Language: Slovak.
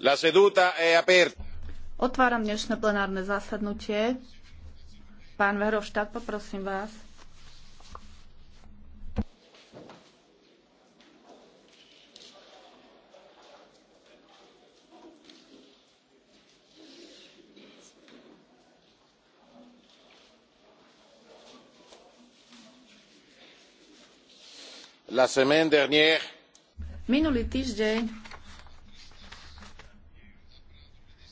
La seduta è aperta. Otváram dnešné plenárne zasadnutie. Pán Verhofstadt, poprosím vás. La semaine dernière. Minulý týždeň